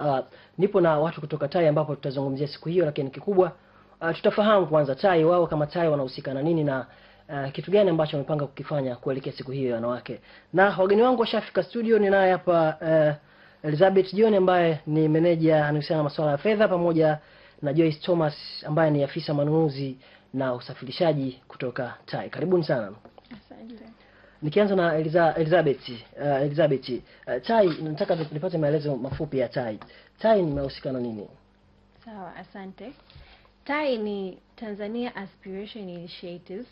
Uh, nipo na watu kutoka TAI ambapo tutazungumzia siku hiyo, lakini kikubwa uh, tutafahamu kwanza TAI wao kama TAI wanahusika na nini na uh, kitu gani ambacho wamepanga kukifanya kuelekea siku hiyo ya wanawake. Na wageni wangu washafika studio, ninaye hapa uh, Elizabeth John ambaye ni meneja anahusiana na masuala ya fedha, pamoja na Joyce Thomas ambaye ni afisa manunuzi na usafirishaji kutoka TAI. Karibuni sana. Asante. Nikianza na Eliza, Elizabeth uh, Elizabeth uh, chai, nataka nipate maelezo mafupi ya chai. Chai nimehusika na nini? Sawa, asante. Tai ni Tanzania Aspiration Initiatives.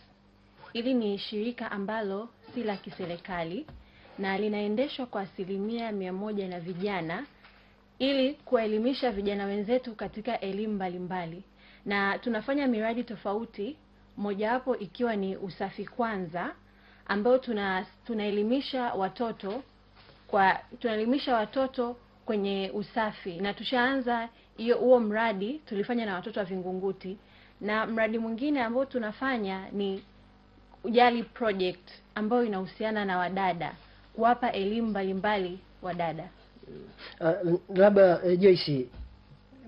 Hili ni shirika ambalo si la kiserikali na linaendeshwa kwa asilimia mia moja na vijana ili kuwaelimisha vijana wenzetu katika elimu mbalimbali, na tunafanya miradi tofauti, mojawapo ikiwa ni usafi kwanza ambayo tuna tunaelimisha watoto kwa tunaelimisha watoto kwenye usafi, na tushaanza hiyo huo mradi tulifanya na watoto wa Vingunguti, na mradi mwingine ambao tunafanya ni Ujali Project ambayo inahusiana na wadada kuwapa elimu mbalimbali wadada. Uh, labda uh, Joyce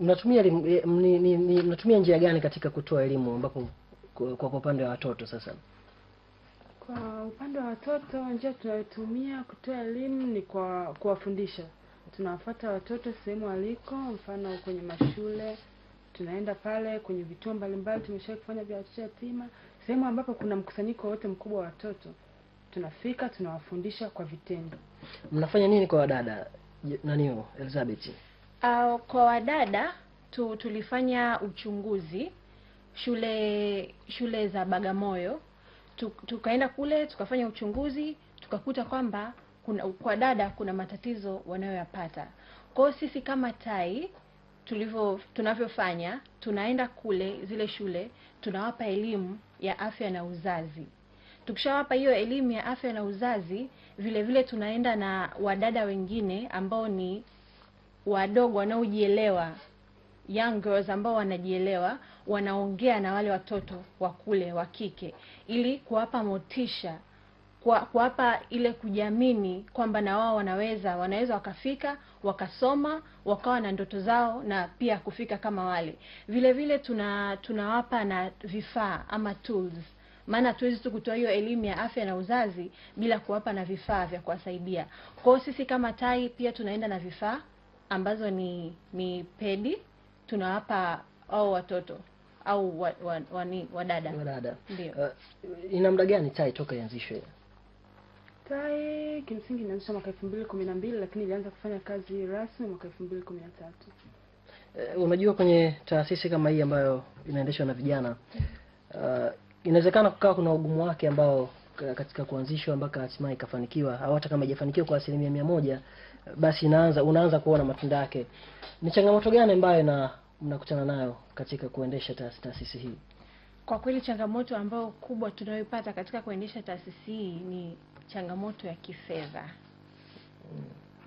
mnatumia eh, mnatumia njia gani katika kutoa elimu ambapo kwa upande wa watoto sasa? Kwa upande wa watoto, njia tunayotumia kutoa elimu ni kwa kuwafundisha. Tunawafuata watoto sehemu waliko, mfano kwenye mashule, tunaenda pale kwenye vituo mbalimbali, tumeshawai kufanya vya watoto yatima, sehemu ambapo kuna mkusanyiko wote mkubwa wa watoto, tunafika tunawafundisha kwa vitendo. Mnafanya nini kwa wadada nani, Elizabeth? Uh, kwa wadada tu, tulifanya uchunguzi shule shule za Bagamoyo tukaenda kule tukafanya uchunguzi tukakuta kwamba kuna, kwa dada kuna matatizo wanayoyapata. Kwa sisi kama TAI tulivyo tunavyofanya, tunaenda kule zile shule tunawapa elimu ya afya na uzazi. Tukishawapa hiyo elimu ya afya na uzazi, vile vile tunaenda na wadada wengine ambao ni wadogo wanaojielewa, young girls ambao wanajielewa wanaongea na wale watoto wa kule wa kike ili kuwapa motisha, kuwapa ile kujiamini kwamba na wao wanaweza, wanaweza wakafika wakasoma wakawa na ndoto zao na pia kufika kama wale. Vile vile tuna tunawapa na vifaa ama tools maana hatuwezi tu kutoa hiyo elimu ya afya na uzazi bila kuwapa na vifaa vya kuwasaidia. Kwa hiyo sisi kama TAI pia tunaenda na vifaa ambazo ni ni pedi tunawapa au watoto au wa, wa, wa, wa wadada uh, ina muda gani TAI toka ianzishwe? TAI kimsingi ilianzishwa mwaka elfu mbili kumi na mbili lakini ilianza kufanya kazi rasmi mwaka elfu mbili kumi na tatu. Uh, unajua kwenye taasisi kama hii ambayo inaendeshwa na vijana uh, inawezekana kukawa kuna ugumu wake ambao katika kuanzishwa mpaka hatimaye ikafanikiwa, au hata kama haijafanikiwa kwa asilimia mia moja, basi inaanza unaanza kuona matunda yake. Ni changamoto gani ambayo na mnakutana nayo katika kuendesha taasisi hii? Kwa kweli changamoto ambayo kubwa tunayoipata katika kuendesha taasisi hii ni changamoto ya kifedha.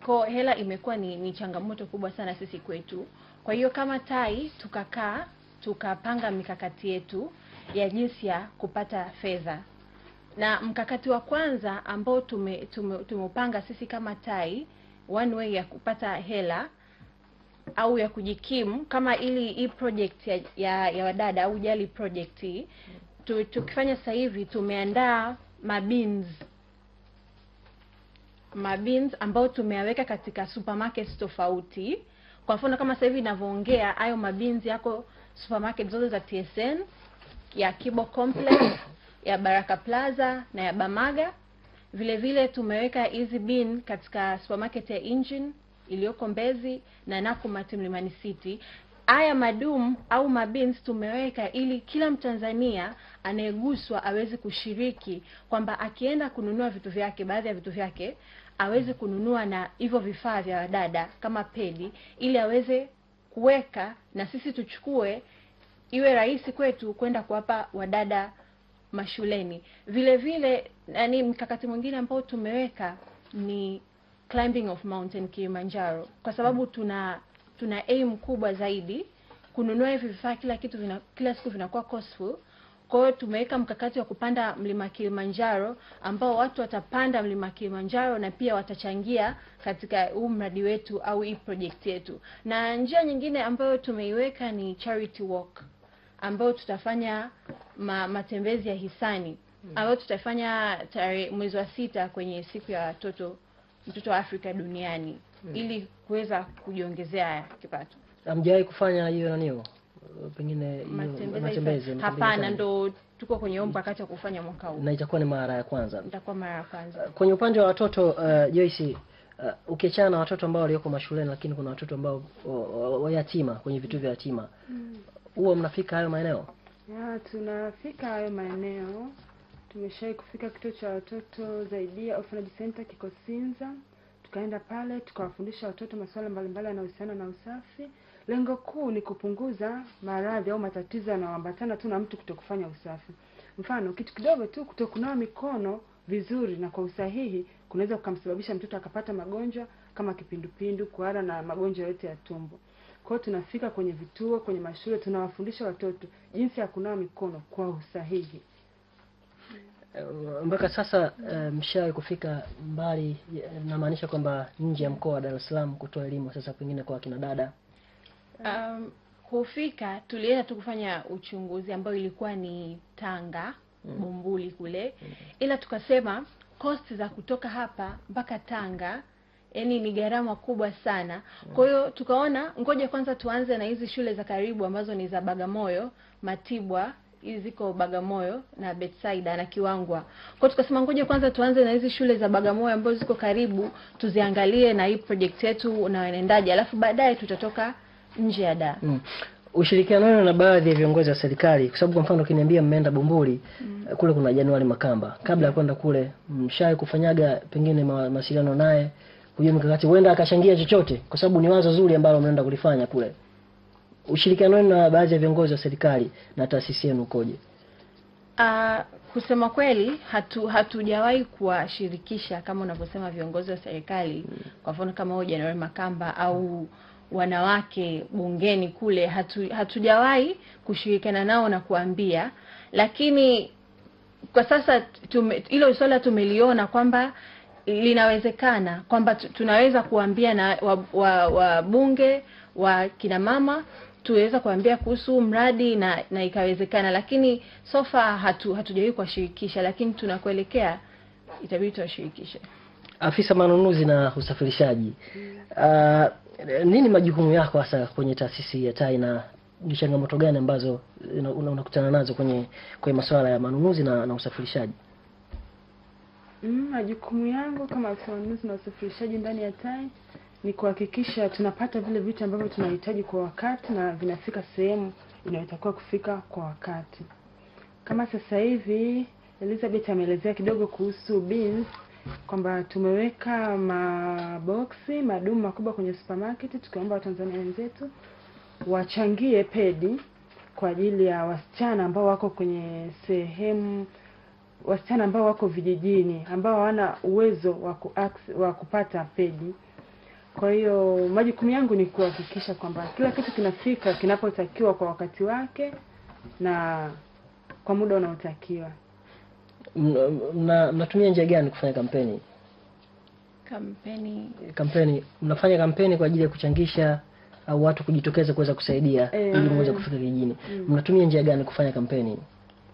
Kwa hela imekuwa ni, ni changamoto kubwa sana sisi kwetu. Kwa hiyo kama TAI tukakaa tukapanga mikakati yetu ya jinsi ya kupata fedha, na mkakati wa kwanza ambao tumeupanga tume, tume sisi kama TAI one way ya kupata hela au ya kujikimu kama ili hii project ya, ya, ya wadada au Jali project hii tu, tukifanya sasa hivi tumeandaa mabins mabins ambayo tumeyaweka katika supermarkets tofauti. Kwa mfano kama sasa hivi ninavyoongea, hayo mabins yako supermarket zote za TSN ya Kibo Complex ya Baraka Plaza na ya Bamaga. Vile vile tumeweka hizi bin katika supermarket ya Engine iliyoko Mbezi na Nakumatt Mlimani City. Haya madum au mabins tumeweka ili kila Mtanzania anayeguswa aweze kushiriki, kwamba akienda kununua vitu vyake, baadhi ya vitu vyake aweze kununua na hivyo vifaa vya wadada kama pedi, ili aweze kuweka na sisi tuchukue, iwe rahisi kwetu kwenda kuwapa wadada mashuleni. Vile vile, yani mkakati mwingine ambao tumeweka ni climbing of mountain Kilimanjaro kwa sababu mm. tuna tuna aim kubwa zaidi kununua hivi vifaa, kila kitu vina, kila siku vinakuwa costful. Kwa hiyo tumeweka mkakati wa kupanda mlima Kilimanjaro ambao watu watapanda mlima Kilimanjaro na pia watachangia katika huu mradi wetu au hii project yetu. Na njia nyingine ambayo tumeiweka ni charity walk ambayo tutafanya ma, matembezi ya hisani mm. ambayo tutafanya tarehe mwezi wa sita kwenye siku ya watoto mtoto wa Afrika duniani hmm, ili kuweza kujiongezea kipato. Hamjawahi kufanya hiyo nanio, pengine matembezi? Hapana, ndo tuko kwenye wakati wa kufanya mwaka huu na itakuwa ni mara ya kwanza, itakuwa mara ya kwanza eh, kwenye upande wa watoto. Uh, Joyce Uh, ukiachana na watoto ambao walioko mashuleni, lakini kuna watoto ambao wayatima kwenye vituo vya yatima, hmm. huwa mnafika hayo maeneo? Ya, tunafika hayo maeneo Tumeshawahi kufika kituo cha watoto ya Orphanage Center kiko Sinza, tukaenda pale tukawafundisha watoto masuala mbalimbali yanayohusiana na usafi. Lengo kuu ni kupunguza maradhi au matatizo yanayoambatana tu na mtu kutokufanya usafi. Mfano, kitu kidogo tu kutokunawa mikono vizuri na kwa usahihi kunaweza kukamsababisha mtoto akapata magonjwa kama kipindupindu, kuhara na magonjwa yote ya tumbo. Kwa hiyo tunafika kwenye vituo, kwenye mashule, tunawafundisha watoto jinsi ya kunawa mikono kwa usahihi. Eh, mpaka sasa eh, mshawahi um, kufika mbali, eh, namaanisha kwamba nje ya mkoa wa Dar es Salaam kutoa elimu sasa pengine kwa wakina dada? Um, kufika tulienda tu kufanya uchunguzi ambayo ilikuwa ni Tanga hmm. Bumbuli kule mm. ila tukasema cost za kutoka hapa mpaka Tanga yani ni gharama kubwa sana. Hmm. Kwa hiyo tukaona ngoja kwanza tuanze na hizi shule za karibu ambazo ni za Bagamoyo, Matibwa hizi ziko Bagamoyo na Betsaida na Kiwangwa. Kwa tukasema ngoja kwanza tuanze na hizi shule za Bagamoyo ambazo ziko karibu, tuziangalie na hii project yetu na wanaendaje, alafu baadaye tutatoka nje ya Dar. Mm. Ushirikiano na baadhi ya viongozi wa serikali kwa sababu kwa mfano ukiniambia mmeenda Bumbuli mm. kule kuna Januari Makamba. Kabla ya kwenda kule mshawahi kufanyaga pengine mawasiliano naye, hujue mkakati, huenda akachangia chochote kwa sababu ni wazo zuri ambalo mnaenda kulifanya kule ushirikiano wenu na baadhi ya viongozi wa serikali na taasisi yenu ukoje? Uh, kusema kweli hatu hatujawahi kuwashirikisha kama unavyosema viongozi wa serikali hmm. Kwa mfano kama huyo January Makamba au wanawake bungeni kule, hatu hatujawahi kushirikiana nao na kuambia, lakini kwa sasa tume, hilo swala tumeliona kwamba linawezekana kwamba tunaweza kuambia na wabunge wa, wa, wa kina mama tuliweza kuambia kuhusu mradi na, na ikawezekana, lakini so far hatu hatujawahi kuwashirikisha, lakini tunakuelekea itabidi tuwashirikishe. Afisa manunuzi na usafirishaji, mm. uh, nini majukumu yako hasa kwenye taasisi ya TAI na ni changamoto gani ambazo unakutana una nazo kwenye kwenye masuala ya manunuzi na, na usafirishaji? Mm, majukumu yangu kama afisa manunuzi na usafirishaji ndani ya TAI ni kuhakikisha tunapata vile vitu ambavyo tunahitaji kwa wakati na vinafika sehemu inayotakiwa kufika kwa wakati. Kama sasa hivi Elizabeth ameelezea kidogo kuhusu beans kwamba tumeweka maboksi madumu makubwa kwenye supermarket, tukiomba Watanzania wenzetu wachangie pedi kwa ajili ya wasichana ambao wako kwenye sehemu, wasichana ambao wako vijijini, ambao hawana uwezo wa kupata pedi. Kwa hiyo majukumu yangu ni kuhakikisha kwamba kila kitu kinafika kinapotakiwa kwa wakati wake na kwa muda unaotakiwa. Mnatumia na, njia gani kufanya kampeni? Kampeni kampeni, mnafanya kampeni kwa ajili ya kuchangisha au watu kujitokeza kuweza kusaidia eh. ili muweze kufika kijijini. Mm. Mnatumia njia gani kufanya kampeni?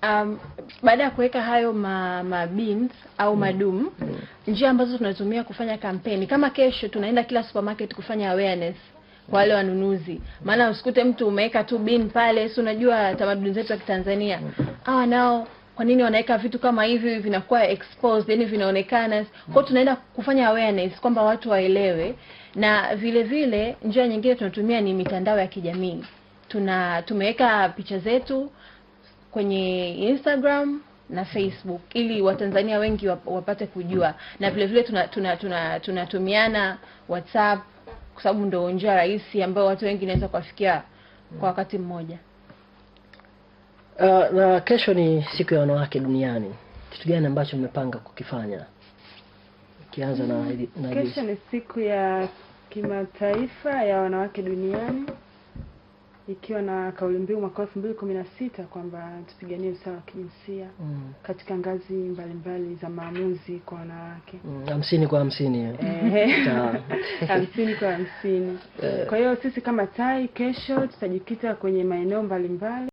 Um, baada ya kuweka hayo ma, ma beans au mm. madumu mm. njia ambazo tunatumia kufanya kampeni, kama kesho tunaenda kila supermarket kufanya awareness kwa wale wanunuzi, maana usikute mtu umeweka tu bin pale, si unajua tamaduni zetu za Kitanzania mm. hawa ah, nao kwa nini wanaweka vitu kama hivi vinakuwa exposed, yani vinaonekana Kwa Tunaenda kufanya awareness kwamba watu waelewe, na vile vile njia nyingine tunatumia ni mitandao ya kijamii. Tuna tumeweka picha zetu kwenye Instagram na Facebook ili Watanzania wengi wapate kujua, na vile vile tunatumiana tuna, tuna, tuna WhatsApp kwa sababu ndio njia rahisi ambayo watu wengi inaweza kuwafikia kwa wakati mmoja. Uh, na kesho ni siku ya wanawake duniani. Kitu gani ambacho mmepanga kukifanya? Kianza na, mm, na kesho ni siku ya kimataifa ya wanawake duniani ikiwa na kauli mbiu mwaka elfu mbili kumi na sita kwamba tupiganie usawa wa kijinsia mm. katika ngazi mbalimbali mbali za maamuzi kwa wanawake hamsini mm, kwa hamsini hamsini kwa hamsini. Eh. Kwa hiyo sisi kama TAI kesho tutajikita kwenye maeneo mbalimbali